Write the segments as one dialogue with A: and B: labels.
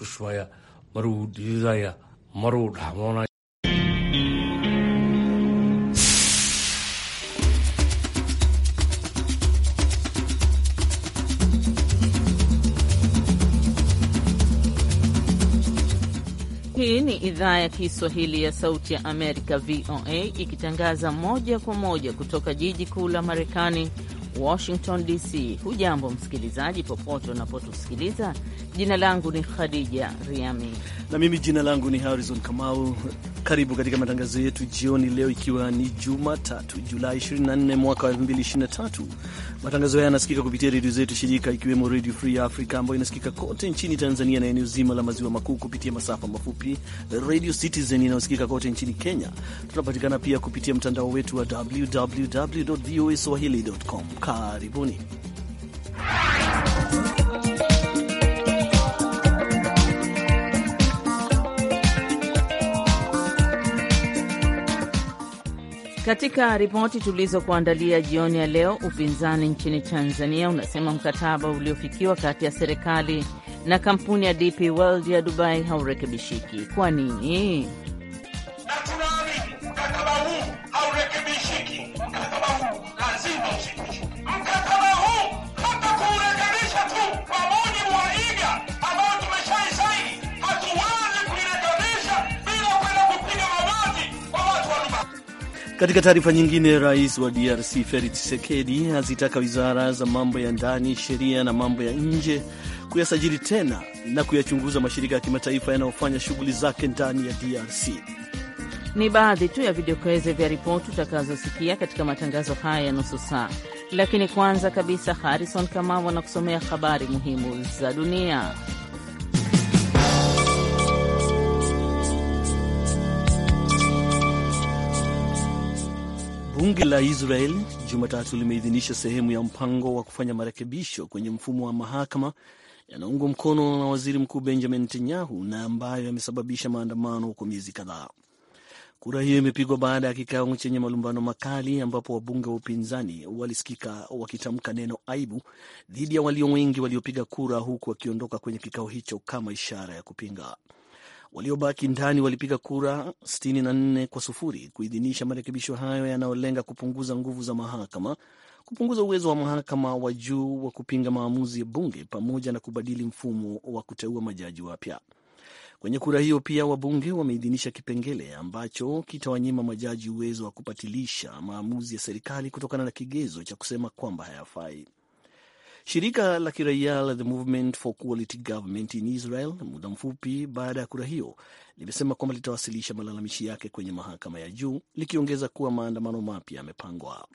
A: iskushubaya diidaya mar maruu dhaxmoonaya
B: Hii ni idhaa ya Kiswahili ya Sauti ya Amerika, VOA, ikitangaza moja kwa moja kutoka jiji kuu la Marekani, Washington DC. Hujambo msikilizaji, popote unapotusikiliza. Jina langu ni Khadija Riami
C: na mimi jina langu ni Harrison Kamau. Karibu katika matangazo yetu jioni leo, ikiwa ni Jumatatu Julai 24 mwaka wa 2023. Matangazo haya yanasikika kupitia redio zetu shirika, ikiwemo Redio Free Africa ambayo inasikika kote nchini Tanzania na eneo zima la maziwa makuu kupitia masafa mafupi, Radio Citizen inayosikika kote nchini Kenya. Tunapatikana pia kupitia mtandao wetu wa www voa swahili.com. Karibuni.
B: Katika ripoti tulizokuandalia jioni ya leo, upinzani nchini Tanzania unasema mkataba uliofikiwa kati ya serikali na kampuni ya DP World ya Dubai haurekebishiki. Kwa nini?
C: Katika taarifa nyingine, rais wa DRC Felix Tshisekedi azitaka wizara za mambo ya ndani, sheria na mambo ya nje kuyasajili tena na kuyachunguza mashirika ya kimataifa yanayofanya shughuli zake ndani ya DRC.
B: Ni baadhi tu ya vidokezo vya ripoti utakazosikia katika matangazo haya ya nusu saa, lakini kwanza kabisa, Harrison Kamau anakusomea habari muhimu za dunia.
C: Bunge la Israel Jumatatu limeidhinisha sehemu ya mpango wa kufanya marekebisho kwenye mfumo wa mahakama yanaungwa mkono na waziri mkuu Benjamin Netanyahu na ambayo yamesababisha maandamano kwa miezi kadhaa. Kura hiyo imepigwa baada ya kikao chenye malumbano makali ambapo wabunge wa upinzani walisikika wakitamka neno aibu dhidi ya walio wengi waliopiga kura, huku wakiondoka kwenye kikao hicho kama ishara ya kupinga. Waliobaki ndani walipiga kura 64 kwa sufuri kuidhinisha marekebisho hayo yanayolenga kupunguza nguvu za mahakama, kupunguza uwezo wa mahakama wa juu wa kupinga maamuzi ya bunge, pamoja na kubadili mfumo wa kuteua majaji wapya. Kwenye kura hiyo pia wabunge wameidhinisha kipengele ambacho kitawanyima majaji uwezo wa kupatilisha maamuzi ya serikali kutokana na kigezo cha kusema kwamba hayafai. Shirika la kiraia la The Movement for Quality Government in Israel muda mfupi baada ya kura hiyo limesema kwamba litawasilisha malalamishi yake kwenye mahakama ya juu likiongeza kuwa maandamano mapya yamepangwa.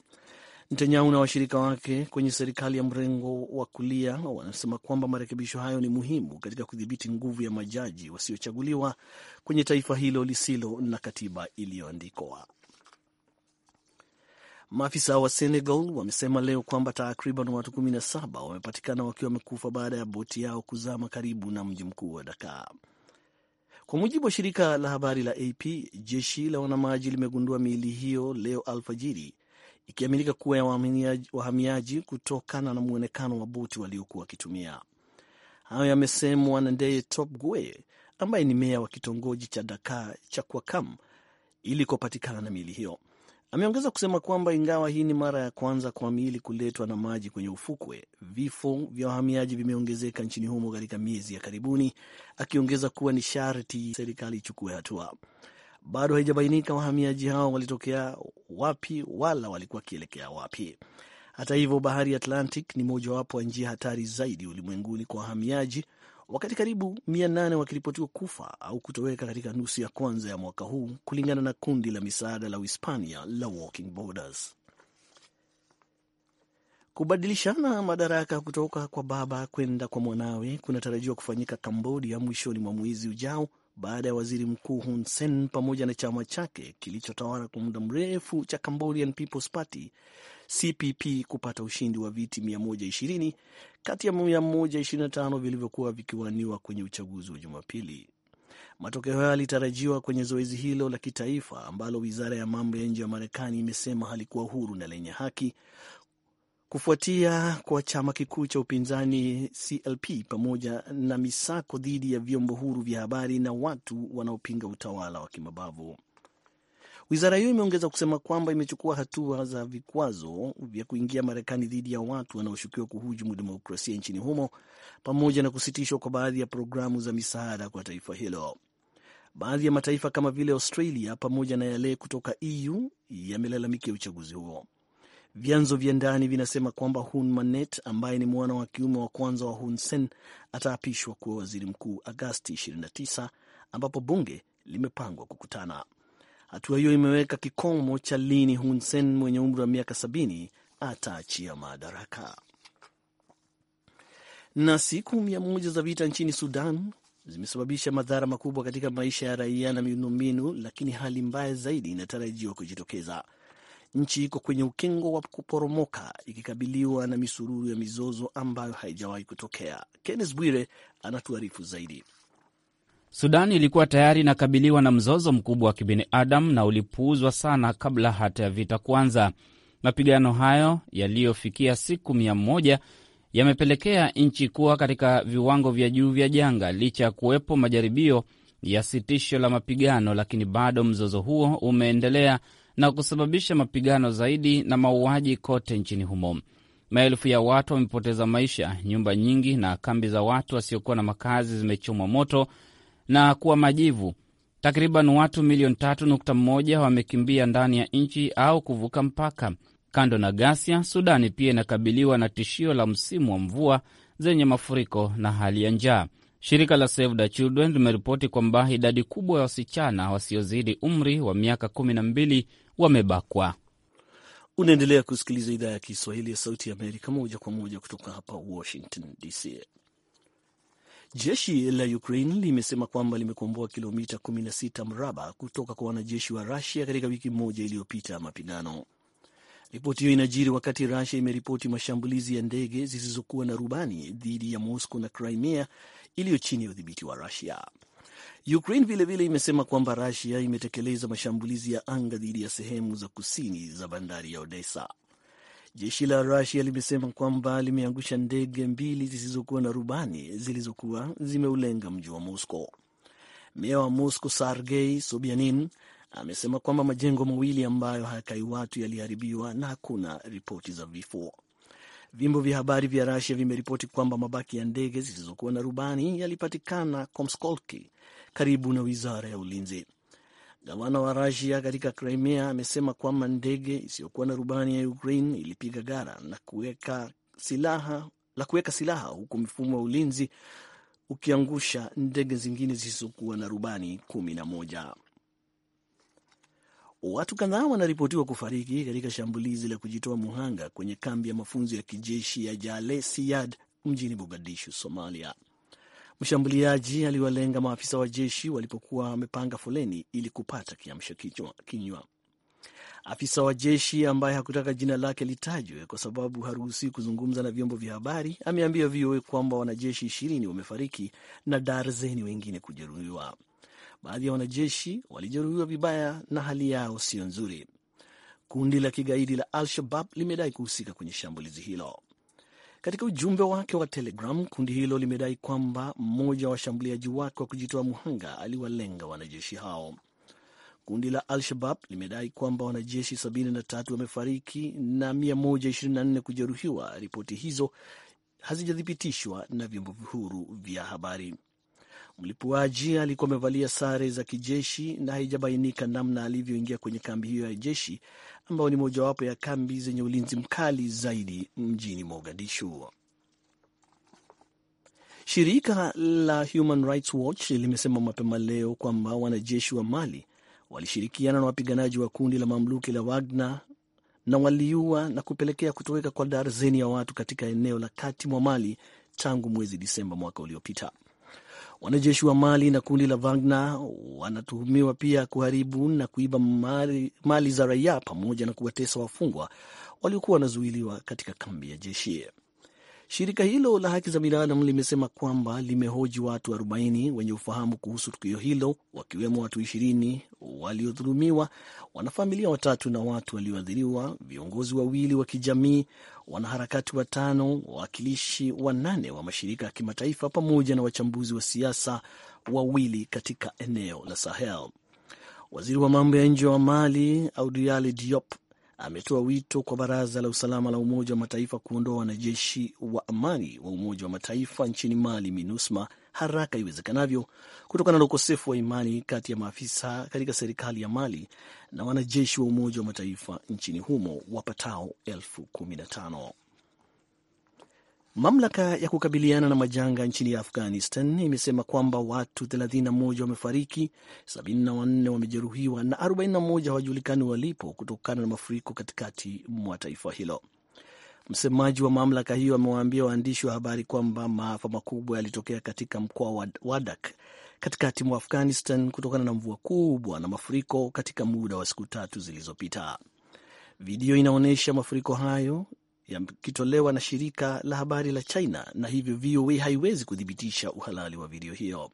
C: Netanyahu na washirika wake kwenye serikali ya mrengo wa kulia wanasema kwamba marekebisho hayo ni muhimu katika kudhibiti nguvu ya majaji wasiochaguliwa kwenye taifa hilo lisilo na katiba iliyoandikwa. Maafisa wa Senegal wamesema leo kwamba takriban watu 17 wamepatikana wakiwa wamekufa baada ya boti yao kuzama karibu na mji mkuu wa Dakar. Kwa mujibu wa shirika la habari la AP, jeshi la wanamaji limegundua miili hiyo leo alfajiri, ikiaminika kuwa ya wahamiaji kutokana na mwonekano wa boti waliokuwa wakitumia. Hayo yamesemwa na Ndeye Top Gwe ambaye ni meya wa kitongoji cha Dakar cha Kwakam ilikopatikana na miili hiyo. Ameongeza kusema kwamba ingawa hii ni mara ya kwanza kwa miili kuletwa na maji kwenye ufukwe, vifo vya wahamiaji vimeongezeka nchini humo katika miezi ya karibuni, akiongeza kuwa ni sharti serikali ichukue hatua. Bado haijabainika wahamiaji hao walitokea wapi wala walikuwa wakielekea wapi. Hata hivyo, bahari ya Atlantic ni mojawapo ya njia hatari zaidi ulimwenguni kwa wahamiaji, wakati karibu 800 wakiripotiwa kufa au kutoweka katika nusu ya kwanza ya mwaka huu, kulingana na kundi la misaada la Uhispania la Walking Borders. Kubadilishana madaraka kutoka kwa baba kwenda kwa mwanawe kunatarajiwa kufanyika Kambodia mwishoni mwa mwezi ujao baada ya waziri mkuu Hun Sen pamoja na chama chake kilichotawala kwa muda mrefu cha Cambodian People's Party CPP kupata ushindi wa viti 120 kati ya 125 vilivyokuwa vikiwaniwa kwenye uchaguzi wa Jumapili. Matokeo hayo yalitarajiwa kwenye zoezi hilo la kitaifa ambalo wizara ya mambo ya nje ya Marekani imesema halikuwa huru na lenye haki kufuatia kwa chama kikuu cha upinzani CLP pamoja na misako dhidi ya vyombo huru vya habari na watu wanaopinga utawala wa kimabavu. Wizara hiyo imeongeza kusema kwamba imechukua hatua za vikwazo vya kuingia Marekani dhidi ya watu wanaoshukiwa kuhujumu demokrasia nchini humo pamoja na kusitishwa kwa baadhi ya programu za misaada kwa taifa hilo. Baadhi ya mataifa kama vile Australia pamoja na yale kutoka EU yamelalamikia uchaguzi huo. Vyanzo vya ndani vinasema kwamba Hun Manet ambaye ni mwana wa kiume wa kwanza wa Hun Sen ataapishwa kuwa waziri mkuu Agasti 29 ambapo bunge limepangwa kukutana. Hatua hiyo imeweka kikomo cha lini Hun Sen mwenye umri wa miaka sabini ataachia madaraka. Na siku mia moja za vita nchini Sudan zimesababisha madhara makubwa katika maisha ya raia na miundombinu, lakini hali mbaya zaidi inatarajiwa kujitokeza. Nchi iko kwenye ukingo wa kuporomoka ikikabiliwa na misururu ya mizozo ambayo haijawahi kutokea. Kennes Bwire anatuarifu zaidi.
D: Sudan ilikuwa tayari inakabiliwa na mzozo mkubwa wa kibinadamu na ulipuuzwa sana kabla hata ya vita kuanza. Mapigano hayo yaliyofikia siku mia moja yamepelekea nchi kuwa katika viwango vya juu vya janga, licha ya kuwepo majaribio ya sitisho la mapigano, lakini bado mzozo huo umeendelea na kusababisha mapigano zaidi na mauaji kote nchini humo. Maelfu ya watu wamepoteza maisha, nyumba nyingi na kambi za watu wasiokuwa na makazi zimechomwa moto na kuwa majivu. Takriban watu milioni 3.1 wamekimbia ndani ya nchi au kuvuka mpaka. Kando na ghasia, Sudani pia inakabiliwa na tishio la msimu wa mvua zenye mafuriko na hali ya njaa. Shirika la Save the Children limeripoti kwamba idadi kubwa ya wasichana wasiozidi umri wa miaka 12 wamebakwa.
C: Unaendelea kusikiliza idhaa ya Kiswahili ya Sauti ya Amerika moja kwa moja kutoka hapa Washington DC. Jeshi la Ukraine limesema kwamba limekomboa kilomita 16 mraba kutoka kwa wanajeshi wa Rusia katika wiki moja iliyopita mapigano. Ripoti hiyo inajiri wakati Rusia imeripoti mashambulizi ya ndege zisizokuwa na rubani dhidi ya Moscow na Crimea iliyo chini ya udhibiti wa Rusia. Ukraine vilevile imesema kwamba Rusia imetekeleza mashambulizi ya anga dhidi ya sehemu za kusini za bandari ya Odessa. Jeshi la Rusia limesema kwamba limeangusha ndege mbili zisizokuwa na rubani zilizokuwa zimeulenga mji wa Moscow. Meya wa Moscow Sergei Sobyanin amesema kwamba majengo mawili ambayo hayakai watu yaliharibiwa na hakuna ripoti za vifo. Vyombo vya habari vya Rusia vimeripoti kwamba mabaki ya ndege zisizokuwa na rubani yalipatikana Komskolki, karibu na wizara ya ulinzi. Gavana wa Rasia katika Crimea amesema kwamba ndege isiyokuwa na rubani ya Ukraine ilipiga gara na kuweka silaha, la kuweka silaha huku mfumo wa ulinzi ukiangusha ndege zingine zisizokuwa na rubani kumi na moja. Watu kadhaa wanaripotiwa kufariki katika shambulizi la kujitoa muhanga kwenye kambi ya mafunzo ya kijeshi ya Jale Siyad mjini Mogadishu, Somalia. Mshambuliaji aliwalenga maafisa wa jeshi walipokuwa wamepanga foleni ili kupata kiamsha kinywa. Afisa wa jeshi ambaye hakutaka jina lake litajwe kwa sababu haruhusiwi kuzungumza na vyombo vya habari ameambia VOA kwamba wanajeshi ishirini wamefariki na darzeni wengine kujeruhiwa. Baadhi ya wanajeshi walijeruhiwa vibaya na hali yao siyo nzuri. Kundi la kigaidi la Al-Shabab limedai kuhusika kwenye shambulizi hilo. Katika ujumbe wake wa Telegram, kundi hilo limedai kwamba mmoja wa washambuliaji wake wa kujitoa muhanga aliwalenga wanajeshi hao. Kundi la Al-Shabab limedai kwamba wanajeshi 73 wamefariki na 124 kujeruhiwa. Ripoti hizo hazijathibitishwa na vyombo vihuru vya habari. Mlipuaji alikuwa amevalia sare za kijeshi na haijabainika namna alivyoingia kwenye kambi hiyo ya jeshi ambayo ni mojawapo ya kambi zenye ulinzi mkali zaidi mjini Mogadishu. Shirika la Human Rights Watch limesema mapema leo kwamba wanajeshi wa Mali walishirikiana na wapiganaji wa kundi la mamluki la Wagner na waliua na kupelekea kutoweka kwa darzeni ya watu katika eneo la kati mwa Mali tangu mwezi Disemba mwaka uliopita. Wanajeshi wa Mali na kundi la Wagner wanatuhumiwa pia kuharibu na kuiba mali, mali za raia pamoja na kuwatesa wafungwa waliokuwa wanazuiliwa katika kambi ya jeshi. Shirika hilo la haki za binadamu limesema kwamba limehoji watu 40 wenye ufahamu kuhusu tukio hilo, wakiwemo watu 20 waliodhulumiwa, wanafamilia watatu na watu walioathiriwa, viongozi wawili wa kijamii, wanaharakati watano, wawakilishi wanane wa mashirika ya kimataifa, pamoja na wachambuzi wa siasa wawili katika eneo la Sahel. Waziri wa mambo ya nje wa Mali Abdoulaye Diop ametoa wito kwa Baraza la Usalama la Umoja wa Mataifa kuondoa wanajeshi wa amani wa Umoja wa Mataifa nchini Mali, MINUSMA, haraka iwezekanavyo kutokana na ukosefu wa imani kati ya maafisa katika serikali ya Mali na wanajeshi wa Umoja wa Mataifa nchini humo wapatao elfu kumi na tano. Mamlaka ya kukabiliana na majanga nchini Afghanistan imesema kwamba watu 31 wamefariki, 74 wamejeruhiwa na 41 hawajulikani walipo kutokana na mafuriko katikati mwa taifa hilo. Msemaji wa mamlaka hiyo amewaambia waandishi wa habari kwamba maafa makubwa yalitokea katika mkoa wa Wadak katikati mwa Afghanistan kutokana na mvua kubwa na mafuriko katika muda wa siku tatu zilizopita. Video inaonyesha mafuriko hayo yakitolewa na shirika la habari la China na hivyo VOA haiwezi kuthibitisha uhalali wa video hiyo.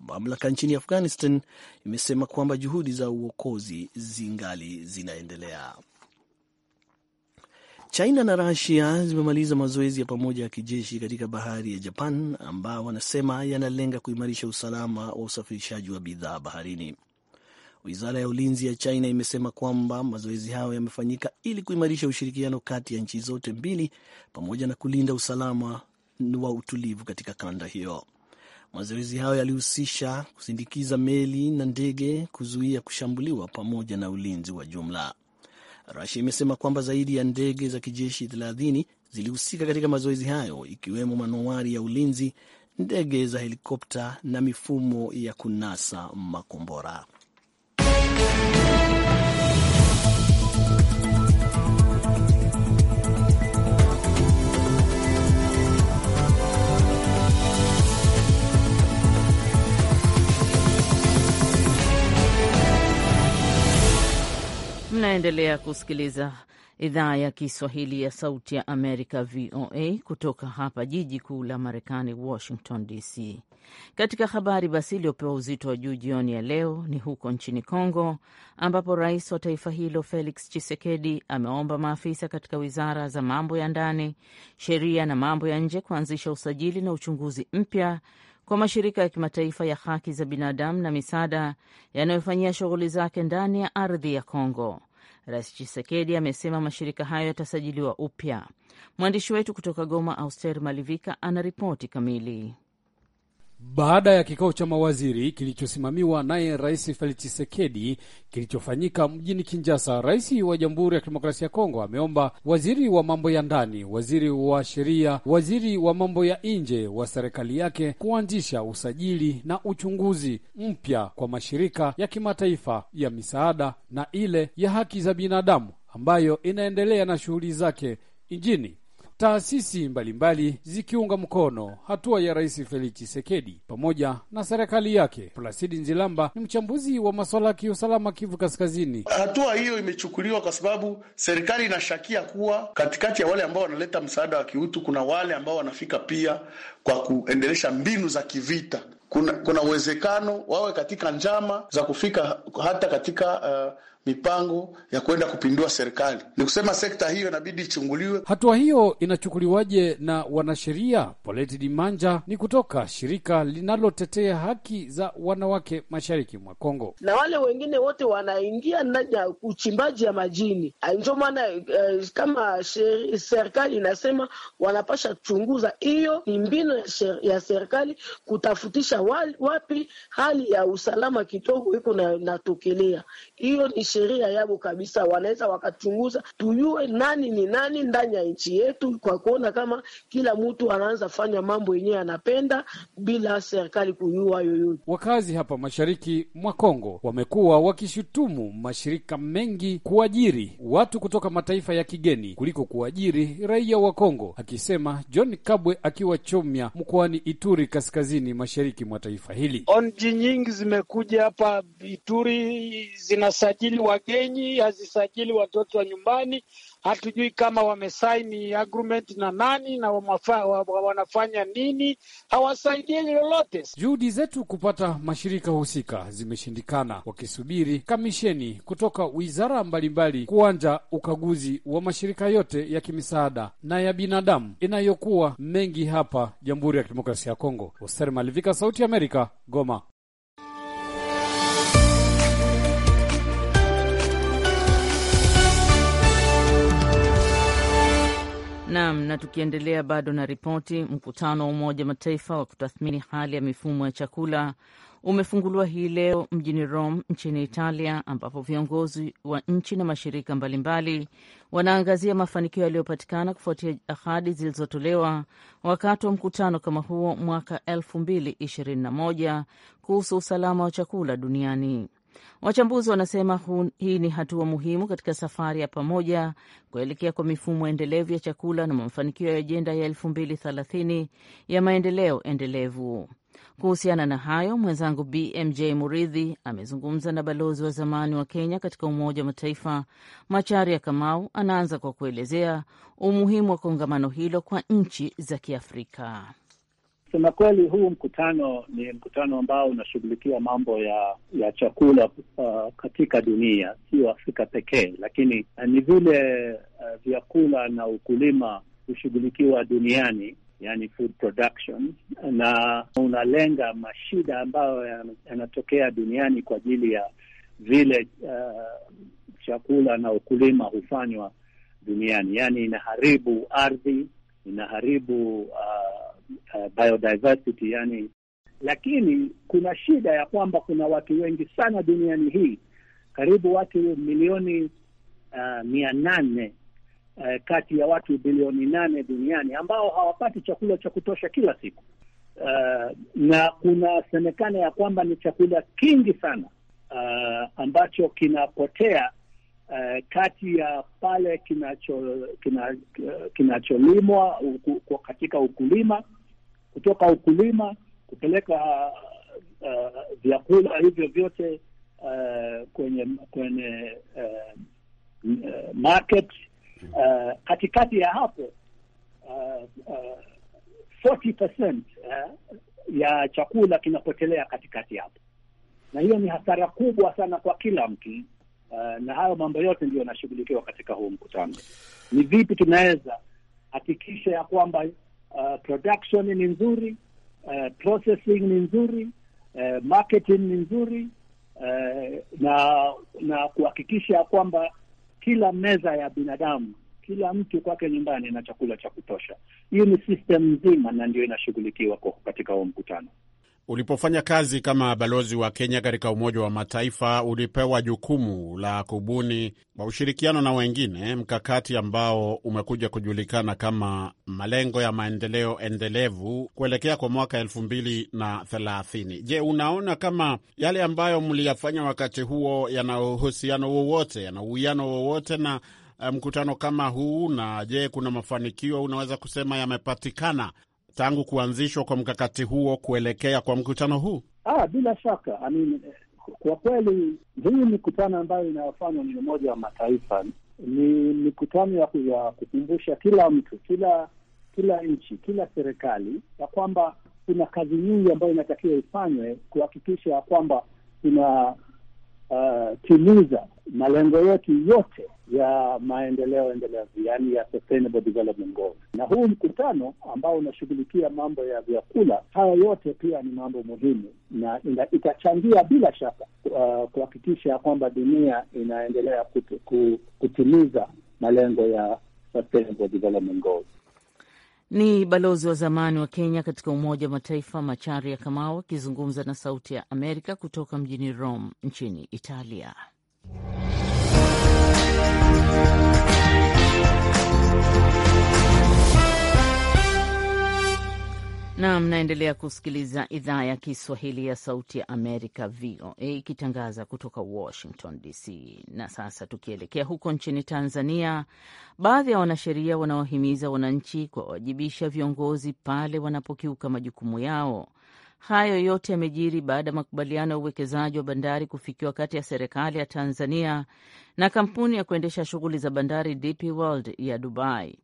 C: Mamlaka nchini Afghanistan imesema kwamba juhudi za uokozi zingali zinaendelea. China na Rusia zimemaliza mazoezi ya pamoja ya kijeshi katika bahari ya Japan ambao wanasema yanalenga kuimarisha usalama wa usafirishaji wa bidhaa baharini. Wizara ya ulinzi ya China imesema kwamba mazoezi hayo yamefanyika ili kuimarisha ushirikiano kati ya nchi zote mbili pamoja na kulinda usalama wa utulivu katika kanda hiyo. Mazoezi hayo yalihusisha kusindikiza meli na ndege, kuzuia kushambuliwa pamoja na ulinzi wa jumla. Rasia imesema kwamba zaidi ya ndege za kijeshi 30 zilihusika katika mazoezi hayo, ikiwemo manowari ya ulinzi, ndege za helikopta na mifumo ya kunasa makombora.
B: Mnaendelea kusikiliza idhaa ya Kiswahili ya Sauti ya Amerika, VOA, kutoka hapa jiji kuu la Marekani, Washington DC. Katika habari basi iliyopewa uzito wa juu jioni ya leo ni huko nchini Kongo, ambapo rais wa taifa hilo Felix Tshisekedi ameomba maafisa katika wizara za mambo ya ndani, sheria na mambo ya nje kuanzisha usajili na uchunguzi mpya kwa mashirika ya kimataifa ya haki za binadamu na misaada yanayofanyia shughuli zake ndani ya ardhi ya Kongo. Rais Chisekedi amesema mashirika hayo yatasajiliwa upya. Mwandishi wetu kutoka Goma, Auster Malivika, ana ripoti kamili baada ya kikao cha
E: mawaziri kilichosimamiwa naye Rais Felix Tshisekedi kilichofanyika mjini Kinshasa, rais wa Jamhuri ya Kidemokrasia ya Kongo ameomba waziri wa mambo ya ndani, waziri wa sheria, waziri wa mambo ya nje wa serikali yake kuanzisha usajili na uchunguzi mpya kwa mashirika ya kimataifa ya misaada na ile ya haki za binadamu ambayo inaendelea na shughuli zake nchini taasisi mbalimbali zikiunga mkono hatua ya Rais Felix chisekedi pamoja na serikali yake. Plasidi Nzilamba ni mchambuzi wa masuala ya kiusalama Kivu Kaskazini.
A: Hatua hiyo imechukuliwa kwa sababu serikali inashakia kuwa katikati ya wale ambao wanaleta msaada wa kiutu kuna wale ambao wanafika pia kwa kuendelesha mbinu za kivita. Kuna kuna uwezekano wawe katika njama za kufika hata katika uh, mipango ya kwenda kupindua serikali. Ni kusema sekta hiyo inabidi ichunguliwe.
E: Hatua hiyo inachukuliwaje na wanasheria? Poleti Dimanja ni kutoka shirika linalotetea haki za wanawake mashariki mwa Kongo.
C: Na wale wengine wote wanaingia ndani ya uchimbaji ya majini, ah, ndio maana eh, kama serikali inasema wanapasha chunguza. Hiyo ni mbinu ya serikali kutafutisha wapi hali ya usalama kidogo iko natokelea Hiyo ni sheria yao kabisa, wanaweza wakachunguza, tujue nani ni nani ndani ya nchi yetu, kwa kuona kama kila mtu anaanza fanya mambo yenyewe anapenda bila serikali kujua yoyote.
E: Wakazi hapa mashariki mwa Kongo wamekuwa wakishutumu mashirika mengi kuajiri watu kutoka mataifa ya kigeni kuliko kuajiri raia wa Kongo, akisema John Kabwe akiwa Chomya mkoani Ituri, kaskazini mashariki mwa taifa hili. Onji nyingi zimekuja hapa Ituri zinasajili wagenyi, hazisajili watoto wa nyumbani. Hatujui kama wamesaini agreement na nani na wamafa, wanafanya nini, hawasaidii lolote. Juhudi zetu kupata mashirika husika zimeshindikana, wakisubiri kamisheni kutoka wizara mbalimbali kuanja ukaguzi wa mashirika yote ya kimisaada na ya binadamu inayokuwa mengi hapa Jamhuri ya Kidemokrasia ya Kongo. Hoser Malivika, Sauti ya Amerika, Goma.
B: Naam, na tukiendelea bado na ripoti, mkutano wa Umoja Mataifa wa kutathmini hali ya mifumo ya chakula umefunguliwa hii leo mjini Rome nchini Italia, ambapo viongozi wa nchi na mashirika mbalimbali wanaangazia mafanikio yaliyopatikana kufuatia ahadi zilizotolewa wakati wa mkutano kama huo mwaka 2021 kuhusu usalama wa chakula duniani. Wachambuzi wanasema hii ni hatua muhimu katika safari ya pamoja kuelekea kwa mifumo endelevu ya chakula na mafanikio ya ajenda ya elfu mbili ya maendeleo endelevu. Kuhusiana na hayo, mwenzangu BMJ Muridhi amezungumza na balozi wa zamani wa Kenya katika Umoja wa Mataifa Macharia Kamau. Anaanza kwa kuelezea umuhimu wa kongamano hilo kwa nchi za Kiafrika.
F: Kusema kweli, huu mkutano ni mkutano ambao unashughulikia mambo ya ya chakula uh, katika dunia, sio Afrika pekee, lakini uh, ni vile uh, vyakula na ukulima hushughulikiwa duniani, yani food production, na unalenga mashida ambayo yanatokea duniani kwa ajili ya vile uh, chakula na ukulima hufanywa duniani, yani inaharibu ardhi, inaharibu uh, uh, biodiversity yani, lakini kuna shida ya kwamba kuna watu wengi sana duniani hii, karibu watu milioni uh, mia nane uh, kati ya watu bilioni nane duniani ambao hawapati chakula cha kutosha kila siku uh, na kunasemekana ya kwamba ni chakula kingi sana uh, ambacho kinapotea Uh, kati ya pale kinacholimwa kina, kina, kina katika ukulima kutoka ukulima kupeleka uh, vyakula hivyo vyote uh, kwenye kwenye uh, market uh, katikati ya hapo uh, uh, 40% uh, ya chakula kinapotelea katikati hapo, na hiyo ni hasara kubwa sana kwa kila mtu uh, na hayo mambo yote ndio yanashughulikiwa katika huu mkutano. Ni vipi tunaweza hakikisha ya kwamba uh, production ni nzuri uh, processing ni nzuri uh, marketing ni nzuri uh, na na kuhakikisha kwamba kila meza ya binadamu kila mtu kwake nyumbani ana chakula cha kutosha. hii ni system nzima, na ndio inashughulikiwa katika huo mkutano.
E: Ulipofanya kazi kama balozi wa Kenya katika Umoja wa Mataifa, ulipewa jukumu la kubuni kwa ushirikiano na wengine mkakati ambao umekuja kujulikana kama malengo ya maendeleo endelevu kuelekea kwa mwaka elfu mbili na thelathini. Je, unaona kama yale ambayo mliyafanya wakati huo yana uhusiano wowote, yana uwiano wowote na eh, mkutano kama huu? Na je, kuna mafanikio unaweza kusema yamepatikana tangu kuanzishwa kwa mkakati huo kuelekea kwa mkutano huu?
F: Ah, bila shaka I mean, kwa kweli hii mikutano ambayo inayofanywa ni Umoja wa Mataifa ni mikutano ya kukumbusha kila mtu, kila kila nchi, kila serikali ya kwamba kuna kazi nyingi ambayo inatakiwa ifanywe kuhakikisha ya kwamba kuna uh, timiza malengo yetu yote ya maendeleo endelevu, yani ya sustainable development goals. Na huu mkutano ambao unashughulikia mambo ya vyakula, haya yote pia ni mambo muhimu na itachangia bila shaka uh, kuhakikisha kwamba dunia inaendelea kutimiza malengo ya sustainable development goals.
B: Ni balozi wa zamani wa Kenya katika Umoja wa Mataifa Macharia Kamau akizungumza na Sauti ya Amerika kutoka mjini Rome nchini Italia. na mnaendelea kusikiliza idhaa ya Kiswahili ya Sauti ya Amerika, VOA, ikitangaza kutoka Washington DC. Na sasa tukielekea huko nchini Tanzania, baadhi ya wanasheria wanaohimiza wananchi kuwawajibisha viongozi pale wanapokiuka majukumu yao. Hayo yote yamejiri baada ya makubaliano ya uwekezaji wa bandari kufikiwa kati ya serikali ya Tanzania na kampuni ya kuendesha shughuli za bandari DP World ya Dubai.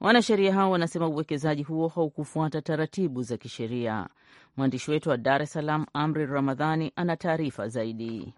B: Wanasheria hao wanasema uwekezaji huo haukufuata taratibu za kisheria. Mwandishi wetu wa Dar es Salaam, Amri Ramadhani, ana taarifa zaidi.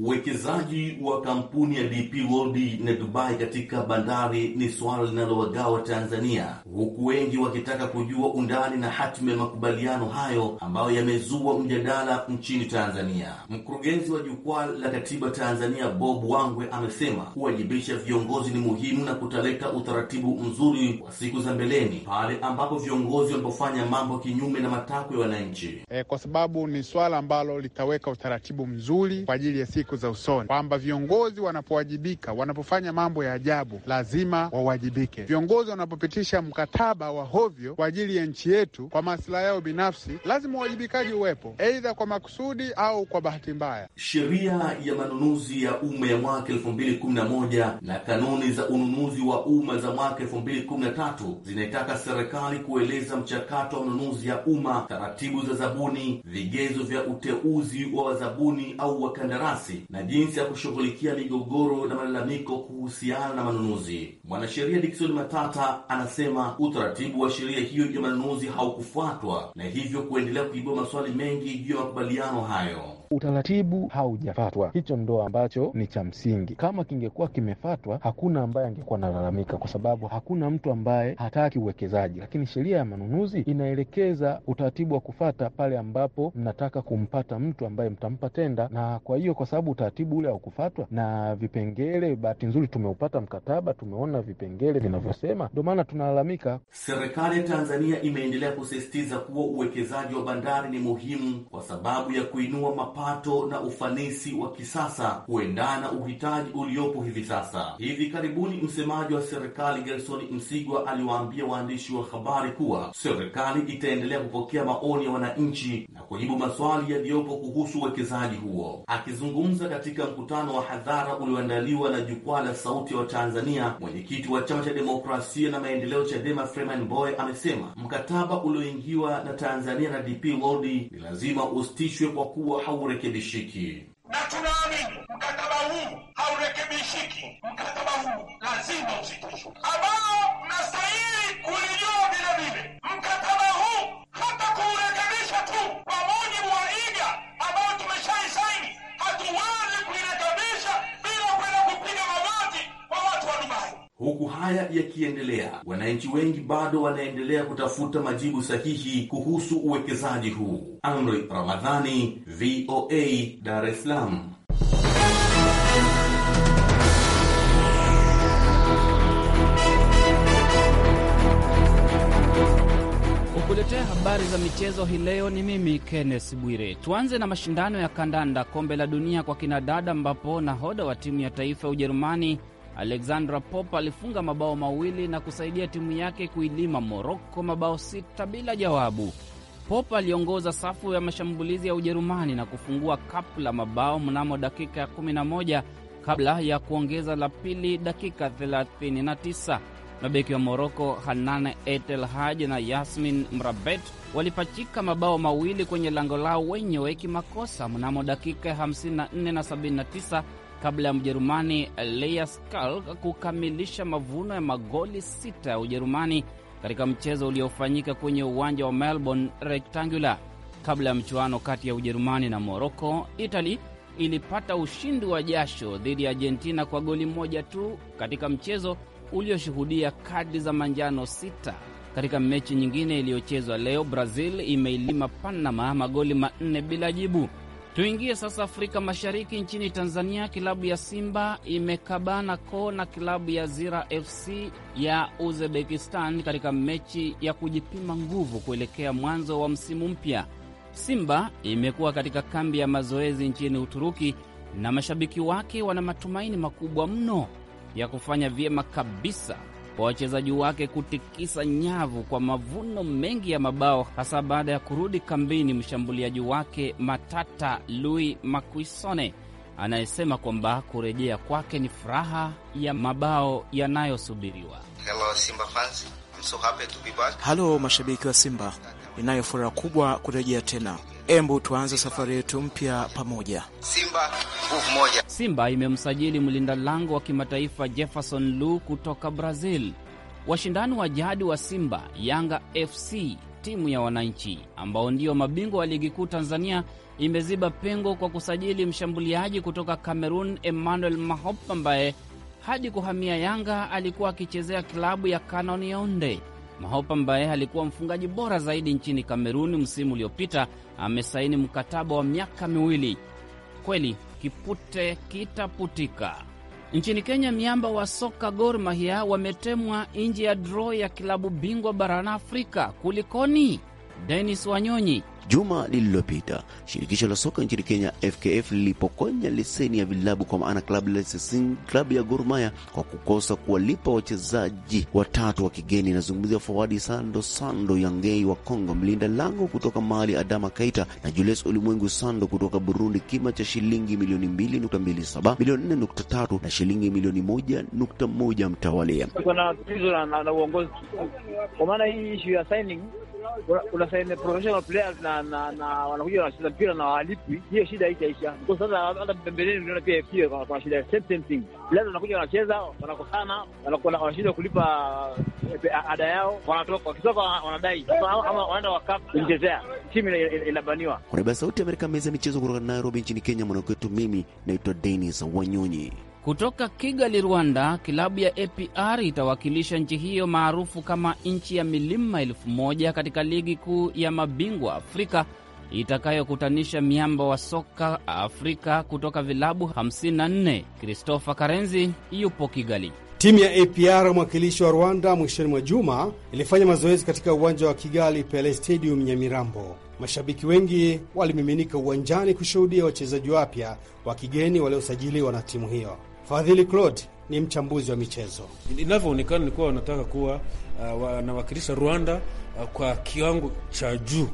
B: Uwekezaji
A: wa kampuni ya DP World na Dubai katika bandari ni suala linalowagawa Tanzania, huku wengi wakitaka kujua undani na hatima ya makubaliano hayo ambayo yamezua mjadala nchini Tanzania. Mkurugenzi wa Jukwaa la Katiba Tanzania Bob Wangwe amesema kuwajibisha viongozi ni muhimu na kutaleta utaratibu mzuri wa siku za mbeleni pale ambapo viongozi wanapofanya mambo kinyume na matakwa ya wananchi.
D: E, kwa sababu ni swala ambalo
E: litaweka utaratibu mzuri kwa ajili ya siku za usoni, kwamba viongozi wanapowajibika, wanapofanya mambo ya ajabu, lazima wawajibike. Viongozi wanapopitisha mkataba wa hovyo kwa ajili ya nchi yetu kwa maslahi yao binafsi, lazima uwajibikaji uwepo, aidha kwa makusudi au kwa bahati mbaya.
A: Sheria ya manunuzi ya umma ya mwaka elfu mbili kumi na moja
B: na kanuni
A: za ununuzi wa umma za mwaka elfu mbili kumi na tatu zinaitaka serikali kueleza mchakato wa manunuzi ya umma, taratibu za zabuni, vigezo vya uteuzi wa wazabuni au wakandarasi binafsi na jinsi ya kushughulikia migogoro na malalamiko kuhusiana na manunuzi. Mwanasheria Dickson Matata anasema utaratibu wa sheria hiyo ya manunuzi haukufuatwa na hivyo kuendelea kuibua maswali mengi juu ya makubaliano hayo
E: utaratibu haujafatwa. Hicho ndo ambacho ni cha msingi. Kama kingekuwa kimefatwa, hakuna ambaye angekuwa nalalamika, kwa sababu hakuna mtu ambaye hataki uwekezaji, lakini sheria ya manunuzi inaelekeza utaratibu wa kufata pale ambapo mnataka kumpata mtu ambaye mtampa tenda. Na kwa hiyo, kwa sababu utaratibu ule haukufatwa na vipengele, bahati nzuri tumeupata mkataba, tumeona vipengele vinavyosema, ndo maana tunalalamika. Serikali
A: ya Tanzania imeendelea kusisitiza kuwa uwekezaji wa bandari ni muhimu kwa sababu ya kuinua mapa mapato na ufanisi wa kisasa kuendana na uhitaji uliopo hivi sasa. Hivi karibuni msemaji wa serikali Gerson Msigwa aliwaambia waandishi wa habari kuwa serikali itaendelea kupokea maoni ya wananchi na kujibu maswali yaliyopo kuhusu uwekezaji huo. Akizungumza katika mkutano wa hadhara ulioandaliwa na jukwaa la sauti ya wa Watanzania, mwenyekiti wa chama cha demokrasia na maendeleo Chadema Freeman boy amesema mkataba ulioingiwa na Tanzania na DP World ni lazima usitishwe kwa kuwa haure haurekebishiki,
D: na tunaamini mkataba huu
A: haurekebishiki. Mkataba huu lazima usitishwe, ambao mnastahili kulijua
E: vile mkataba huu hata kuurekebisha tu kwa mujibu wa iga ambayo tumeshaisaini, hatuwezi kuirekebisha
A: watu wa Dubai. Huku haya yakiendelea, wananchi wengi bado wanaendelea kutafuta majibu sahihi kuhusu uwekezaji huu. Amri Ramadhani, VOA, Dar es Salaam.
D: Kuletea habari za michezo hii leo ni mimi Kenneth Bwire. Tuanze na mashindano ya kandanda kombe la dunia kwa kinadada, ambapo nahoda wa timu ya taifa ya Ujerumani Alexandra Pop alifunga mabao mawili na kusaidia timu yake kuilima Moroko mabao sita bila jawabu. Pop aliongoza safu ya mashambulizi ya Ujerumani na kufungua kapu la mabao mnamo dakika ya 11 kabla ya kuongeza la pili dakika 39. Mabeki wa Moroko Hanane Etel Haj na Yasmin Mrabet walipachika mabao mawili kwenye lango lao wenyewe kimakosa mnamo dakika 54 na 79 kabla ya Mjerumani Leya Skal kukamilisha mavuno ya magoli sita ya Ujerumani katika mchezo uliofanyika kwenye uwanja wa Melbourne Rectangular. Kabla ya mchuano kati ya Ujerumani na Moroko, Itali ilipata ushindi wa jasho dhidi ya Argentina kwa goli moja tu katika mchezo ulioshuhudia kadi za manjano sita. Katika mechi nyingine iliyochezwa leo, Brazil imeilima Panama magoli manne bila jibu. Tuingie sasa Afrika Mashariki. Nchini Tanzania, kilabu ya Simba imekabana ko na kilabu ya Zira FC ya Uzbekistan katika mechi ya kujipima nguvu kuelekea mwanzo wa msimu mpya. Simba imekuwa katika kambi ya mazoezi nchini Uturuki na mashabiki wake wana matumaini makubwa mno ya kufanya vyema kabisa kwa wachezaji wake kutikisa nyavu kwa mavuno mengi ya mabao, hasa baada ya kurudi kambini mshambuliaji wake matata Louis Makuisone anayesema kwamba kurejea kwake ni furaha ya mabao yanayosubiriwa. Halo mashabiki wa Simba, inayo furaha kubwa kurejea tena Embu tuanze safari yetu mpya pamoja. Simba nguvu moja. Simba imemsajili mlinda lango wa kimataifa Jefferson Lu kutoka Brazil. Washindani wa jadi wa Simba, Yanga FC, timu ya wananchi ambao ndio mabingwa wa ligi kuu Tanzania, imeziba pengo kwa kusajili mshambuliaji kutoka Cameroon Emmanuel Mahop ambaye hadi kuhamia Yanga alikuwa akichezea klabu ya Kanoniaonde. Mahopa ambaye alikuwa mfungaji bora zaidi nchini Kameruni msimu uliopita amesaini mkataba wa miaka miwili. Kweli kipute kitaputika. Nchini Kenya, miamba wa soka Gor Mahia wametemwa nje ya draw ya klabu bingwa barani Afrika. Kulikoni? Dennis Wanyonyi.
A: Juma lililopita shirikisho la soka nchini Kenya FKF lilipokonya leseni ya vilabu kwa maana klabu licensing klabu ya Gor Mahia kwa kukosa kuwalipa wachezaji watatu wa kigeni. Inazungumzia forward Sando Sando Yangei wa Kongo, mlinda lango kutoka Mali Adama Kaita na Julius Ulimwengu Sando kutoka Burundi, kima cha shilingi milioni 2.27 milioni 4.3 na shilingi milioni 1.1 mtawalia.
F: Kuna tatizo na uongozi kwa maana hii issue ya signing kuna professional players na na na wanakuja wanacheza mpira na walipi, hiyo shida haitaisha. Kwa sasa hata pembeleni unaona pia kuna kuna shida same same thing, wanakuja wanacheza,
C: wanakosana,
F: wanakuwa wanashindwa kulipa eh, ada yao, wanatoka wakitoka, wanadai ama wanaenda wakafu kuchezea timu inabaniwa.
A: Kwa niaba ya Sauti ya Amerika, meza michezo kutoka Nairobi nchini Kenya, mwanakwetu mimi naitwa Dennis Wanyonyi.
D: Kutoka Kigali, Rwanda, kilabu ya APR itawakilisha nchi hiyo maarufu kama nchi ya milima elfu moja katika ligi kuu ya mabingwa Afrika itakayokutanisha miamba wa soka Afrika kutoka vilabu 54. Christopher Karenzi yupo Kigali.
E: Timu ya APR mwakilishi wa Rwanda mwishoni mwa juma ilifanya mazoezi katika uwanja wa Kigali Pele Stadium Nyamirambo. Mashabiki wengi walimiminika uwanjani kushuhudia wachezaji wapya wa kigeni waliosajiliwa na timu hiyo. Fadhili Claude ni mchambuzi wa michezo. Inavyoonekana ni kuwa wanataka kuwa uh, wanawakilisha Rwanda uh, kwa kiwango cha juu.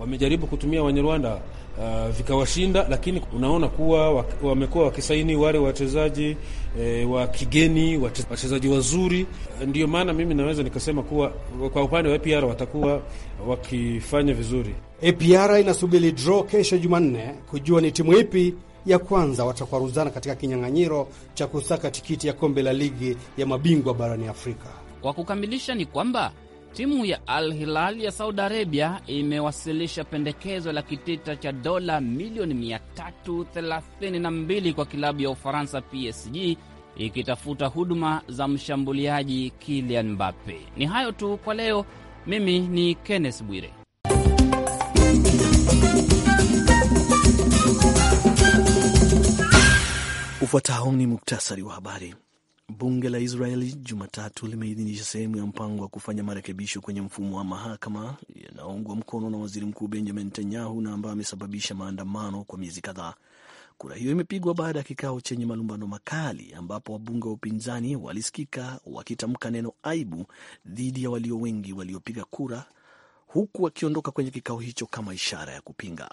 E: Wamejaribu kutumia Wanyarwanda uh, vikawashinda, lakini unaona kuwa wamekuwa wakisaini wale wachezaji eh, wa kigeni, wachezaji wazuri. Ndiyo maana mimi naweza nikasema kuwa kwa upande wa APR watakuwa wakifanya vizuri. APR inasubiri draw kesho Jumanne kujua ni timu ipi ya kwanza watakwaruzana katika kinyang'anyiro cha kusaka tikiti ya kombe la ligi ya mabingwa barani Afrika.
D: Kwa kukamilisha ni kwamba timu ya Al Hilal ya Saudi Arabia imewasilisha pendekezo la kitita cha dola milioni 332 kwa klabu ya Ufaransa PSG ikitafuta huduma za mshambuliaji Kylian Mbappe. Ni hayo tu kwa leo. Mimi ni Kenneth Bwire.
C: Ufuatao ni muktasari wa habari. Bunge la Israeli Jumatatu limeidhinisha sehemu ya mpango wa kufanya marekebisho kwenye mfumo wa mahakama yanaoungwa mkono na waziri mkuu Benjamin Netanyahu na ambayo amesababisha maandamano kwa miezi kadhaa. Kura hiyo imepigwa baada ya kikao chenye malumbano makali ambapo wabunge wa upinzani walisikika wakitamka neno aibu dhidi ya walio wengi waliopiga kura, huku wakiondoka kwenye kikao hicho kama ishara ya kupinga.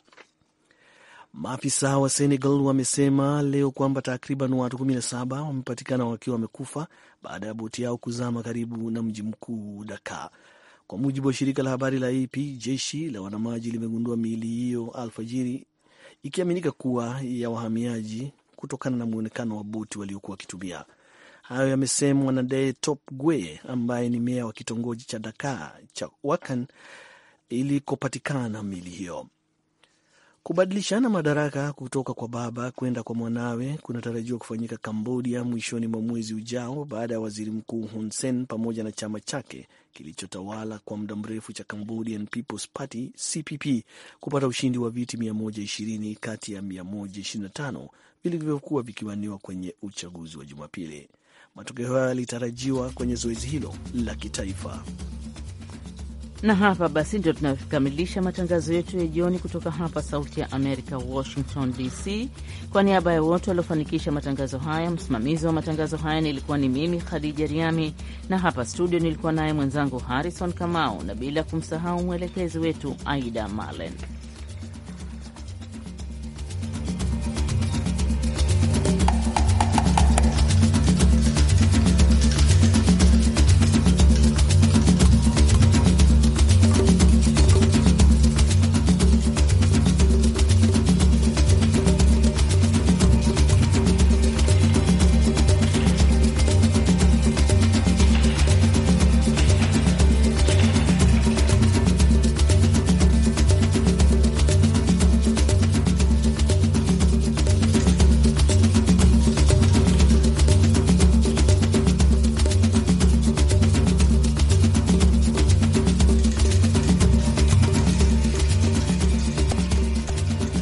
C: Maafisa wa Senegal wamesema leo kwamba takriban watu 17 wamepatikana wakiwa wamekufa baada ya boti yao kuzama karibu na mji mkuu Dakar. Kwa mujibu wa shirika la habari la AP, jeshi la wanamaji limegundua miili hiyo alfajiri, ikiaminika kuwa ya wahamiaji kutokana na mwonekano wa boti waliokuwa wakitumia. Hayo yamesemwa na De Top Gwe ambaye ni meya wa kitongoji cha Dakar cha Wakan ilikopatikana miili hiyo. Kubadilishana madaraka kutoka kwa baba kwenda kwa mwanawe kunatarajiwa kufanyika Kambodia mwishoni mwa mwezi ujao baada ya waziri mkuu Hun Sen pamoja na chama chake kilichotawala kwa muda mrefu cha Cambodian People's Party CPP kupata ushindi wa viti 120 kati ya 125 vilivyokuwa vikiwaniwa kwenye uchaguzi wa Jumapili. Matokeo hayo yalitarajiwa kwenye zoezi hilo la kitaifa.
B: Na hapa basi ndio tunakamilisha matangazo yetu ya jioni kutoka hapa Sauti ya Amerika, Washington DC. Kwa niaba ya wote waliofanikisha matangazo haya, msimamizi wa matangazo haya nilikuwa ni mimi Khadija Riami, na hapa studio nilikuwa naye mwenzangu Harrison Kamau, na bila kumsahau mwelekezi wetu Aida Malen.